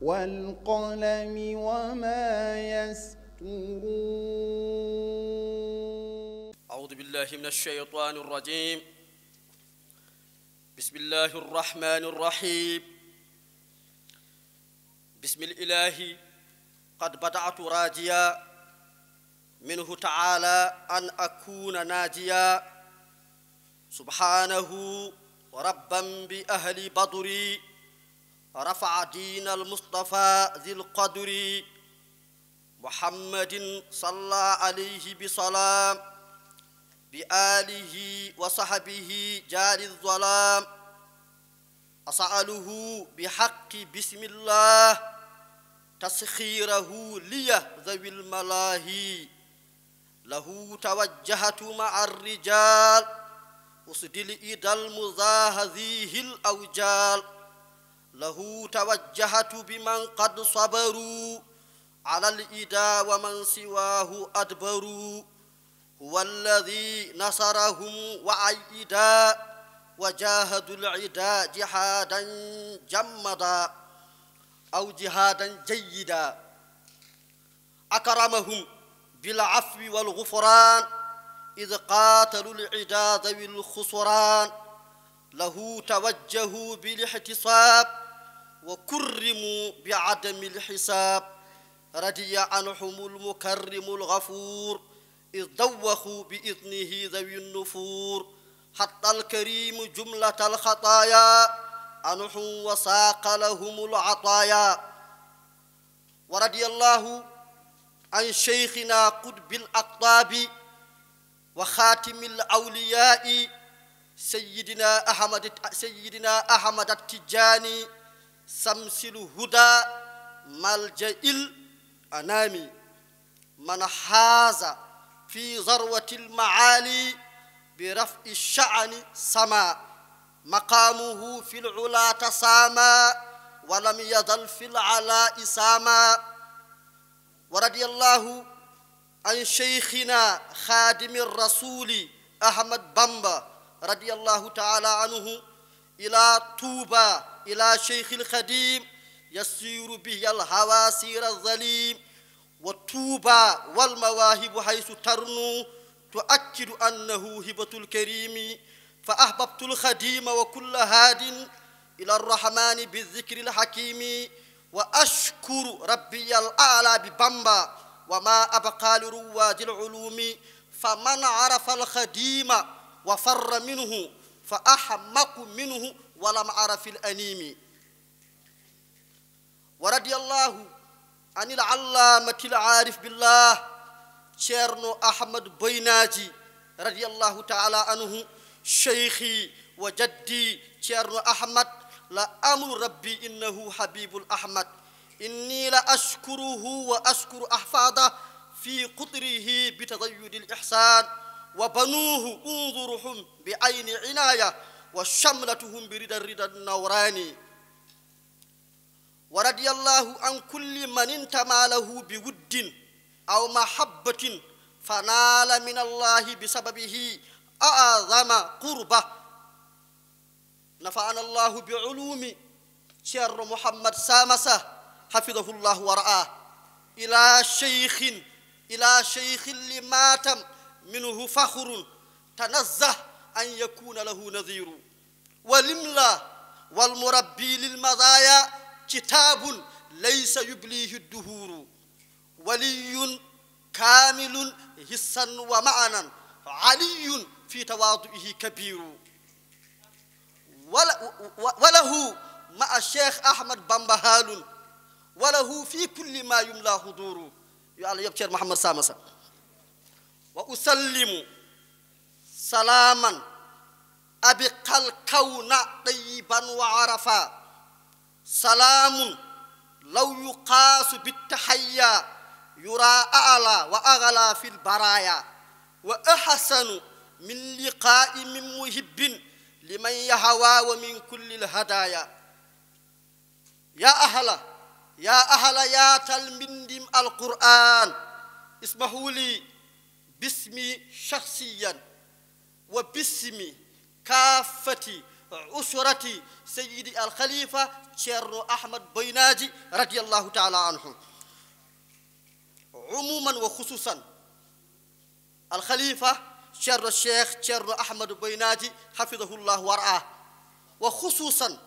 والقلم وما يسطرون أعوذ بالله من الشيطان الرجيم بسم الله الرحمن الرحيم بسم الإله قد بدعت راجيا منه تعالى أن أكون ناجيا سبحانه ربا بأهل بدر رفع دين المصطفى ذي القدر محمد صلى عليه بسلام بآله وصحبه جار الظلام أسأله بحق بسم الله تسخيره لي ذوي الملاهي له توجهت مع الرجال usdil idal muzahaziihil awjaal lahu tawajjahatu biman qad sabaru alal ida wa man siwaahu adbaru huwa alladi nasarahum wa ayyida wa jahadu lida jihaadan jammada aw jihaadan jayyida akramahum bil afwi wal gufraan إذ قاتلوا العداد ذوي الخسران له توجهوا بالاحتساب وكرموا بعدم الحساب رضي عنهم المكرم الغفور إذ دوخوا بإذنه ذوي النفور حتى الكريم جملة الخطايا عنهم وساق لهم العطايا ورضي الله عن شيخنا قطب الأقطاب wa xaatimil awliyaai sayidina ahmad sayidina ahmad attijaani samsilu huda maljail anaami man haaza fi zarwati lmaali bi rafi shaani sama maqaamuhu fi lula tasaama walam yazal fi lalaa saama wa radiyallahu an cheikhina xaadimi rasuli ahmad bamba radiallahu taala anhu ila tuuba ila cheikhi lxadim yasiru bihi alhawasir alzalim wa tuuba walmawahibu haysu tarnu tuakkidu annahu hibatu lkarimi fa ahbabtu lxadima wa kulla haadin ila arrahmani bizikri lhakimi wa ashkuru rabbiya al ala bi bamba wa ma abqa li ruwaati lulumi fa man arafa alxadima wa farra minhu fa ahmaqu minhu wa lam arafi lanimi wa radia allahu an ilallaamati alaarif billah ceerno ahmad boynaaji radi allahu taala anhu cheikhi wa jaddi ceerno ahmad la amru rabbi innahu habibul ahmad inni la ashkuruhu wa ashkuru ahfaada fi qudrihi bi tadayudi lixsaan wa banuuhu unzuruhum bi ayni inaaya wa shamlatuhum bi rida rida nawraani wa radia allahu an kulli man intama lahu bi wuddin aw mahabbatin fanaala min allahi bisababihi aazama qurba nafaana allahu bi ulumi ceerno muhammad samasa xafidahullahu wa raa ilaa cheykhin ilaa cheykhin li maatam minhu faxrun tanazzah an yakuna lahu nadiru wa limla walmurabbi lilmadaya kitaabun laysa yublihi duhuru waliyun kaamilun hissan wa maanan aliyun fi tawaaduihi kabiru walahu maa cheikh ahmad bamba haalun walahu fi kulli ma yumla huduru yo allah yoɓ ceer mouhamad samasa wa usallimu salaman abi kal kawna ɗayiban wa arafa salamun law yuqasu bittahayya yura ala wa agala fi lbaraya wa ahsanu min liqa'i min muhibbin liman yahawa wa min kulli lhadaya ya ahala yaa ahala yaatal mbindim alquran ismahuli bismi shakhsiyan wa bismi kaafati usrati sayidi alkhalifa ceerno ahmad boynaji radiallahu taala anhu umuman wa khususan alkhalifa ceerno cheikh ceerno ahmadu boynaji hafidahullah war a wa khususan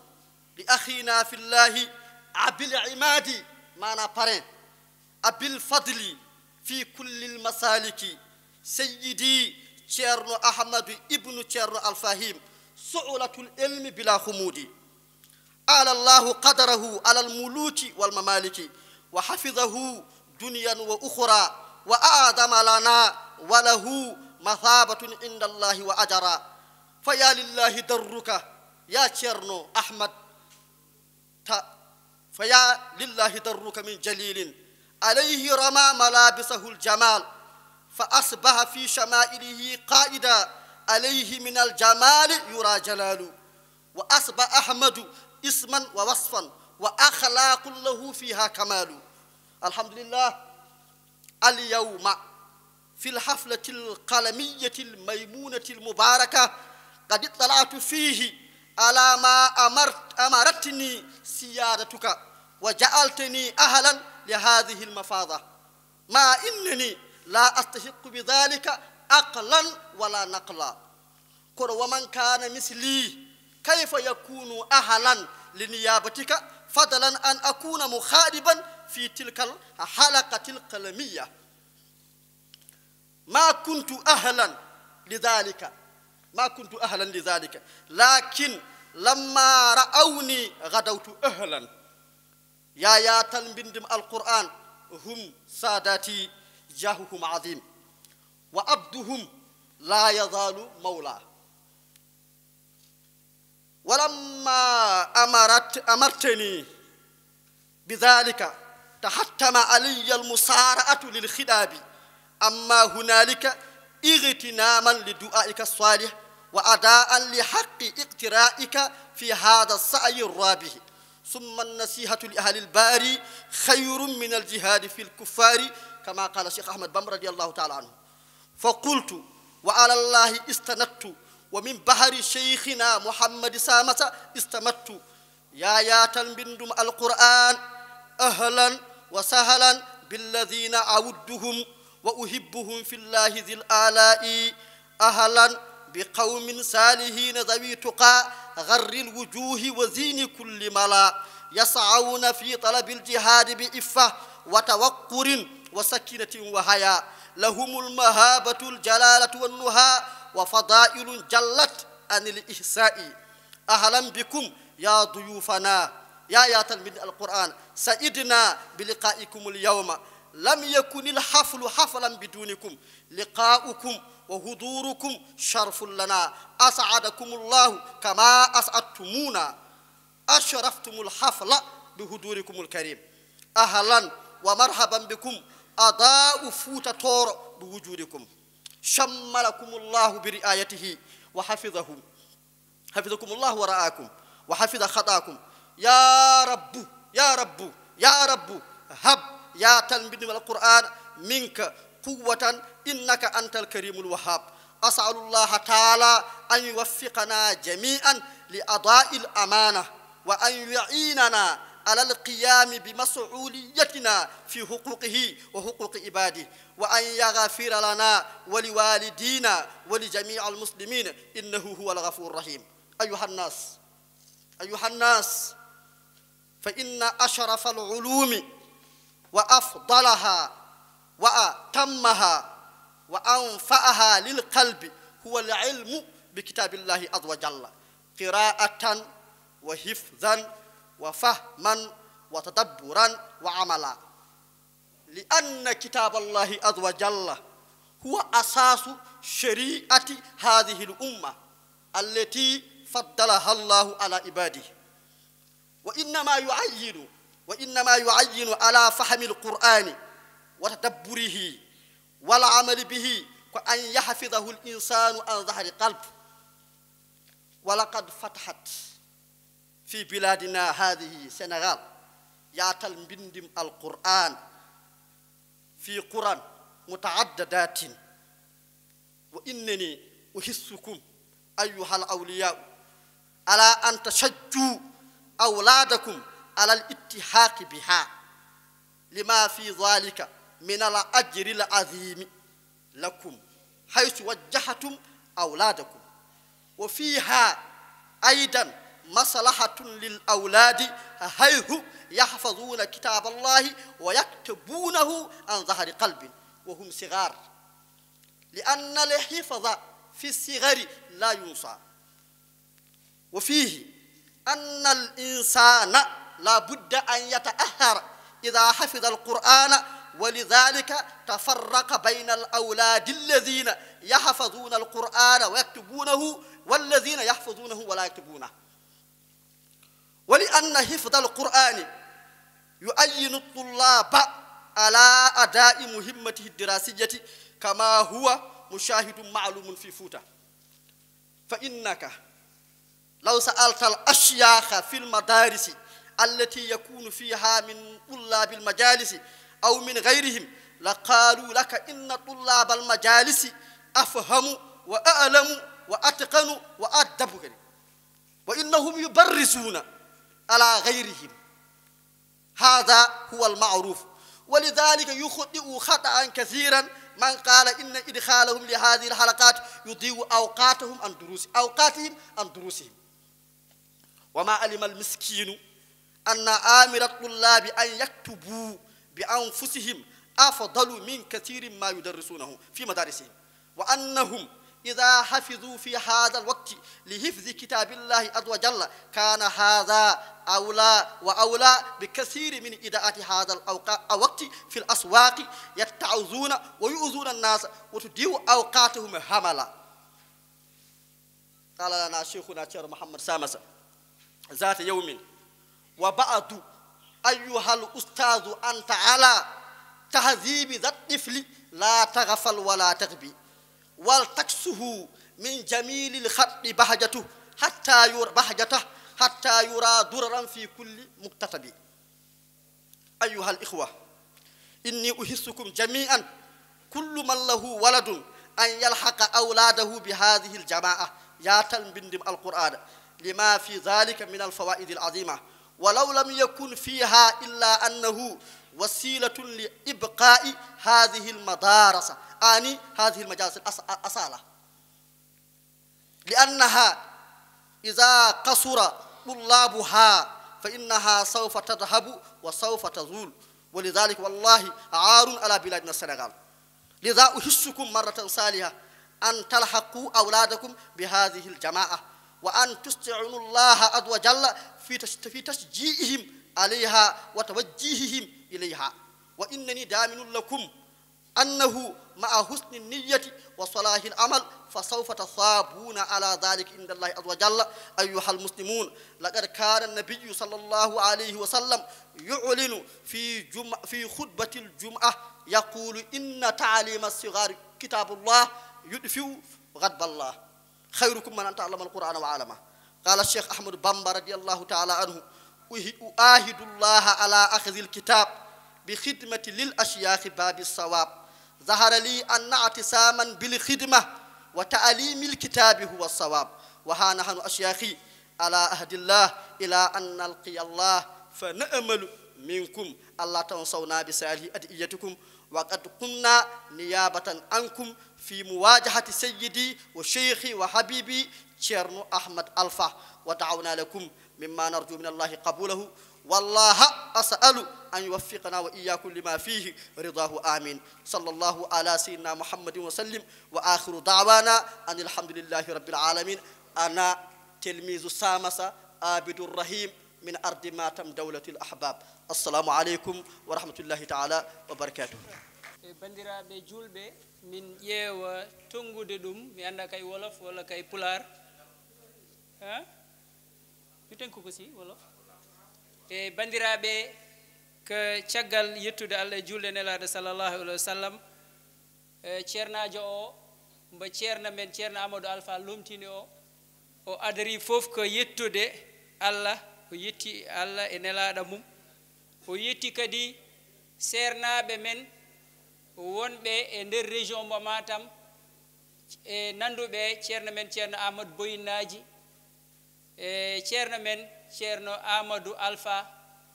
li akhina fi llahi abil imaadi maanaam parrain abil fadli fi kullil masaliki sayyidi ceerno ahmadu ibnu ceerno alfahim suulatul ilmi bila humuudi ala llahu qadarahu ala almuluki walmamaliki wa hafidahu duniyan wa ukhra wa adama lana wa lahu mathabatun inda allahi wa ajara fa ya lillahi darruka ya ceerno ahmad ta fa yaa lillahi darruka min jalilin alayhi rama malabisahu aljamal fa asbaha fi shamailihi qaida alayhi min aljamali yura jalalu wa asba ahmadu isman wa wasfan wa akhlaaqun lahu fiha kamalu alhamdulillah alyawma fi lxaflati alqalamiyati almaymunati almubaraka qad italatu fihi ala ma amart amaratni siyadatuka wa ja'altani ahlan li hadhihi almafada ma innani la astahiqu bi dhalika aqlan wala naqla kono waman kana misli kayfa yakunu ahlan liniyabatika fadalan an akuna mukhadiban fi tilka alhalaqati alqalamiya ma kuntu ahlan lidhalika ma kuntu ahlan lidhalika lakin lamma ra'awni غدوت أهلاً yaa yaatal mbindum alquran hum saadaati jahuhum azim wa abduhum laa yazaalu mawla walamma amarat amartani bidalika tahattama alaya almusaara'atu lilxidaabi amma hunalika igtinaaman li du'aika saalih wa adaan li xaqi iqtiraa'ika fi hada sa'yi raabih summa nasihatu li ahli lbaari xayrun min aljihaadi fi lkuffaari kama qaala cheikh ahmad bamba radiallahu taala anhu fa qultu wa ala llahi istanattu wa min bahari cheikhina mouhammadi samata istamattu yaayaatan mbindum alquran ahlan wa sahlan billadina awudduhum wa uhibbuhum fi llahi di l alaa'i ahlan bi qawmin saalihiina dawi tuqaa garri lwujuhi wa zini kulli mala yasawuna fi talabi ljihaadi bi iffa wa tawakkurin wa sakinatin wa haya lahum lmahabatu ljalalatu wannuha wa fadailun jallat an lihsai ahlan bikum ya duyufana ya yatan min alquran saidna biliqaikum lyawma lam yakun lhaflu haflan bidunikum liqaukum وحضوركم شرف لنا أسعدكم الله كما أسعدتمونا أشرفتم الحفل بحضوركم الكريم أهلا ومرحبا بكم أضاء فوت تور بوجودكم شملكم الله برعايته وحفظه حفظكم الله ورعاكم وحفظ خطاكم يا رب يا رب يا رب هب يا تلميذ القرآن منك قوة إنك أنت الكريم الوهاب أسأل الله تعالى أن يوفقنا جميعا لأداء الأمانة وأن يعيننا على القيام بمسؤوليتنا في حقوقه وحقوق عباده وأن يغفر لنا ولوالدينا ولجميع المسلمين إنه هو الغفور الرحيم أيها الناس أيها الناس فإن أشرف العلوم وأفضلها wa atammaha wa anfaaha lil qalbi huwa al ilmu bi kitaabillahi azza wa jalla qiraatan wa hifzan wa fahman wa tadabburan wa amala li anna kitaaballahi azza wa jalla huwa asaasu shari'ati hadhihi al umma allati faddalaha allahu ala ibadihi wa innama yuayyinu wa innama yuayyinu ala fahmi al qur'ani wa tadabburihi wal amali bihi ko an yaxfidahu l insanu an zahri qalb wa laqad fatahat fi biladina hadihi sénégal yaatal mbindim alquran fi quran mutaaddadatin wa innani uhissukum ayuha al awliyaa ala an tashajju awlaadakum ala al ittihaaqi biha lima fi dalika min al ajri al azimi lakum haythu wajjahatum awladakum wa fiha aidan maslahatun lil awladi haythu yahfazuna kitab allahi wa yaktubunahu an dhahri qalbin wa hum sigar لأن الحفظ في الصغر لا ينصى وفيه أن الإنسان لا بد أن يتأهر إذا حفظ القرآن ولذلك تفرق بين الأولاد الذين يحفظون القرآن ويكتبونه والذين يحفظونه ولا يكتبونه ولأن حفظ القرآن يؤين الطلاب على أداء مهمته الدراسية كما هو مشاهد معلوم في فوتا فإنك لو سألت الأشياخ في المدارس التي يكون فيها من طلاب المجالس aw min gayrihim la qaalu laka inna tullaaba almajalisi afhamu wa alamu wa atqanu wa addabu kadi wa innahum yubarrisuuna ala gayrihim hada huwa almaruf ولذلك يخطئ خطأ كثيرا من قال إن إدخالهم لهذه الحلقات يضيء أوقاتهم عن دروس أوقاتهم عن دروسهم وما علم المسكين أن آمر الطلاب أن يكتبوا bi anfusihim afdalu min kathirin ma yudarrisuunahu fi madarisihim wa annahum ida xafidu fi hada alwaqti li hifdi kitaabillahi azza wa jalla kaana hada awla wa awla bi kasiri min idaati hada alwaqti fi laswaaqi yattauzuuna wa yuuzuuna annaasa wa tudiu awqaatahum hamala qaala lana cheikhuna ceer mouhamad samasa zata yawmin wa ba'du ayyuhal ustaazu anta ala tahzibi zat tifli laa taxafal wala taxbi wal taksuhu min jamilil xatti bahjatu xatta yura bahjata xatta yura duraran fi kulli muktatabi ayyuhal ixwa inni uhisukum jamian kullu man lahu waladun an yalxaqa awlaadahu bi hadihi aljamaa yaatal mbindim alqur'aan lima fi dalika min alfawaidi alazima walaw lam yakun fiha illa annahu wasilatun li ibqaa'i hadihi almadarasa ani hadihi almajalis asala li annaha ida kasura tullabuha fa innaha sawfa tadhabu wa sawfa tazul wa lidalik wallahi aarun ala biladina sénégal lida uhissukum marratan saliha an talhaqu awladakum bi hadihi aljamaa wa an tustiinu llaha azza wa jalla fi tashjiihim alayha wa tawajjihihim ilayha wa innani daaminun lakum annahu maa husni niyati wa salahi alamal fa sawfa tasaabuuna ala dalika inda allahi azza wa jalla ayuha almuslimun laqad kaana annabiyu sal allahu alayhi wa sallam yuclinu fi jum fi xutbati aljum'a yaqulu inna taalima alsigari kitaabullah yudfiu gadballah xayrukum man ta'allama alqur'ana wa 'allama qala cheikh ahmadu bamba radiallahu taala anhu uahidu llaha ala axdi alkitab bi xidmati lil ashyaaxi baabi sawaab zahara li anna atisaman bil xidma wa taalimi alkitaabi huwa sawaab wa ha nahnu ashyaaxi ala ahdillah ila an nalqiya allah fa naamalu minkum allah tansawna bi saalihi adiyatikum وقد قمنا نيابة عنكم في مواجهة سيدي وشيخي وحبيبي تشيرنو أحمد ألفا ودعونا لكم مما نرجو من الله قبوله والله أسأل أن يوفقنا وإياكم لما فيه رضاه آمين صلى الله على سيدنا محمد وسلم وآخر دعوانا أن الحمد لله رب العالمين أنا تلميذ سامسة عابد الرحيم min ardi matam dawlatul ahbab assalamu aleykum wa rahmatullahi taala wa barakatuhu e min ƴeewa tonngude ɗum mi annda kay wolof walla kay pular ha mi tenku e caggal yettude allah e julde nelaɗo sallllahu alih wa sallam e ceernajo o ceerna men ceerna amadou alpha lomtini o o adori fof ko yettude allah o yetti allah e nelaɗo mum o kadi sernaɓe men wonɓe e nder région mo matam e nanduɓe ceerno men ceerno amadou boyinnaji e men ceerno amadou alpha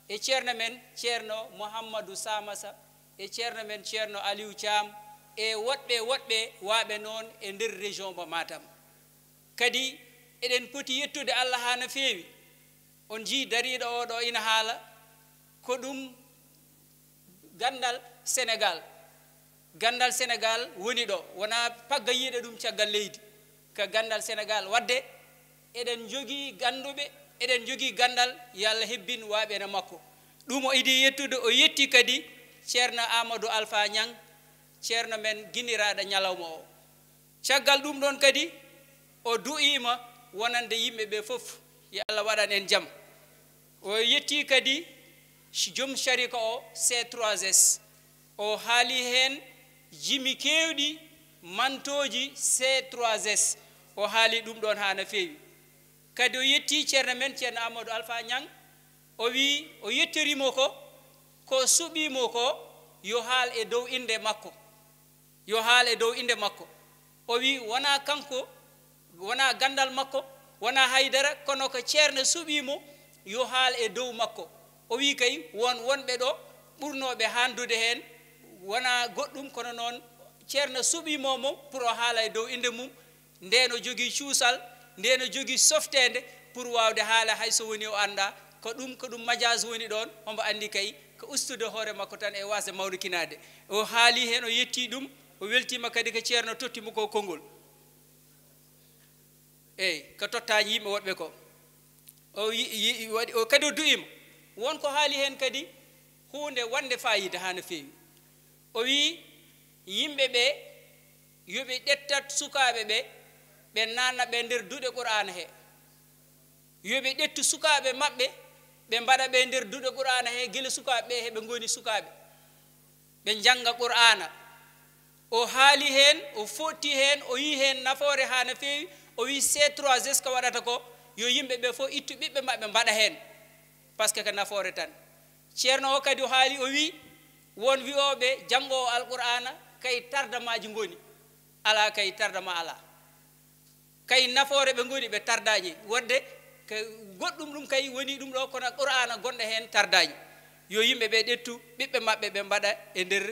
e men ceerno mouhammadou samasa e men ceerno aliou thiam e woɗɓe woɗɓe waaɓe noon e nder région mo matam kadi eɗen poti yettude allah ha no on jii dariɗo oɗo ina haala ko ɗum gandal sénégal gandal sénégal woni ɗo wona pagga yiiɗe ɗum caggal leydi ko gandal sénégal wadde eɗen jogii gandal yo allah hebbin waaɓene makko ɗum o idi yettude o yetti kadi ceerno amadou alpha niang ceerno men guiniraɗo ñalawma o caggal ɗum ɗon kadi o du'ima wonande yimɓe ɓe fof yo waɗan en jaam o kadi joom sharika o c3s o haali heen jimi keewɗi mantoji c3s o ɗum ɗon haa no kadi o yetti ceerno men ceerno alpha ñang o wi o yettorimo ko ko suɓimo ko yo e dow inde makko yo haal e kanko wona gandal makko wona haydara kono ko ceerno suɓimo yo haal e dow makko o wi kay won wonɓe ɗo ɓurnoɓe handude hen wona goɗɗum kono noon ceerno suɓimomo pour o haala e dow inde mum ndeno jogui cuusal ndeno jogui softede pour wawde haala hayso woni o anda ko ɗum ko woni ɗon omo andi kay ko ustude hoore makko tan e wasde mawrikinade o haali hen o yetti ɗum o weltima kadi ko ceerno tottimo ko konngol eyyi ko tottaji yimɓe woɗɓe ko o waɗi o kadi o du'ima wonko haali heen kadi hunde wande fayida ha no feewi o wii yimɓe ɓe yoɓe ƴettat sukaaɓe ɓe ɓe ɓe nder duɗe qur'ana he yoɓe ƴettu sukaaɓe maɓɓe ɓe mbaɗa ɓe nder duɗe qur'ana he gila sukaaɓe ɓe heɓe ngoni sukaaɓe ɓe jannga qur'ana o haali heen o fotti heen o yii heen nafoore haa no feewi o wii c3 s ko waɗata ko yo yimɓe ɓe fof ittu ɓiɓɓe maɓɓe mbaɗa heen par ce que tan ceerno o kadi o haali o wii won wi'ooɓe janngoowo alqur'ana kay tardamaji ngoni alaa kay tardama alaa kay nafoore ɓe ngoni ɓe tardañi wodde goɗɗum ɗum kay woni ɗum ɗo kono qur'ana gonɗo heen tardañi yo yimɓe ɓe ɗettu ɓiɓɓe maɓɓe ɓe mbaɗa e nder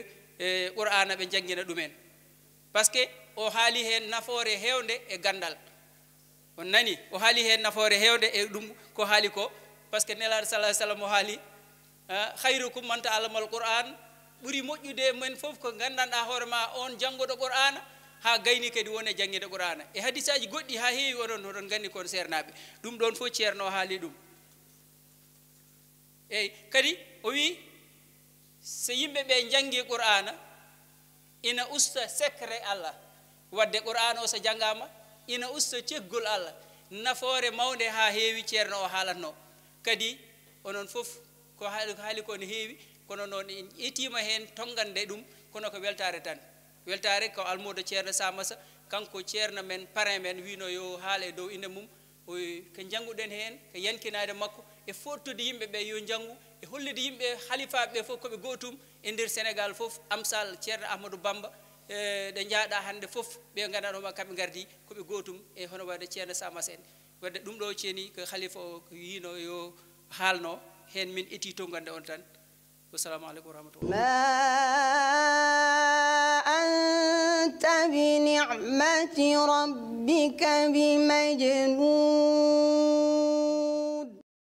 e qur'ana ɓe janngina ɗumen par o haali heen nafoore heewnde e ganndal on nani o haali hen nafoore hewde e ɗum ko haali ko par ce que o haali hayrukum manta alamal qur'an ɓuuri moƴƴude men fof ko gandanɗa hoore ma on janggoɗo qur'ana ha gayni kadi wone jangguide qur'ana e, e hadis goɗɗi ha heewi oɗon oɗon gandi kon seernaɓe ɗum ɗon fof ceerno haali ɗum eyyi kadi o wi so yimɓeɓe jangi qur'ana ina usta secret allah wadde qur'ana o so janggama ina usto ceggol allah nafoore mawde ha heewi ceerno o haalatno kadi onon fof ko haali ko ne heewi kono noon en hen tongande ɗum kono ko weltare tan weltare ko almudo ceerno samasa kanko ceerno men parin men wino haala e dow inde mum ko jannguɗen heen ko yankinade makko e fottude yimɓe e ɓe yo janngu e hollide yimɓe halifaɓe ɓe fof koɓe gootum e ndeer sénégal fof amsal ceerno ahmadou bamba ɗe eh, jaaɗa hannde fof ɓe gandanoma kamɓe gardi koɓe gootum e hono wayde ceerno samas en wadde ɗum ɗo ceeni ko halifa o yino yo haalno heen min eti tongande on tan wassalamu aleykum wa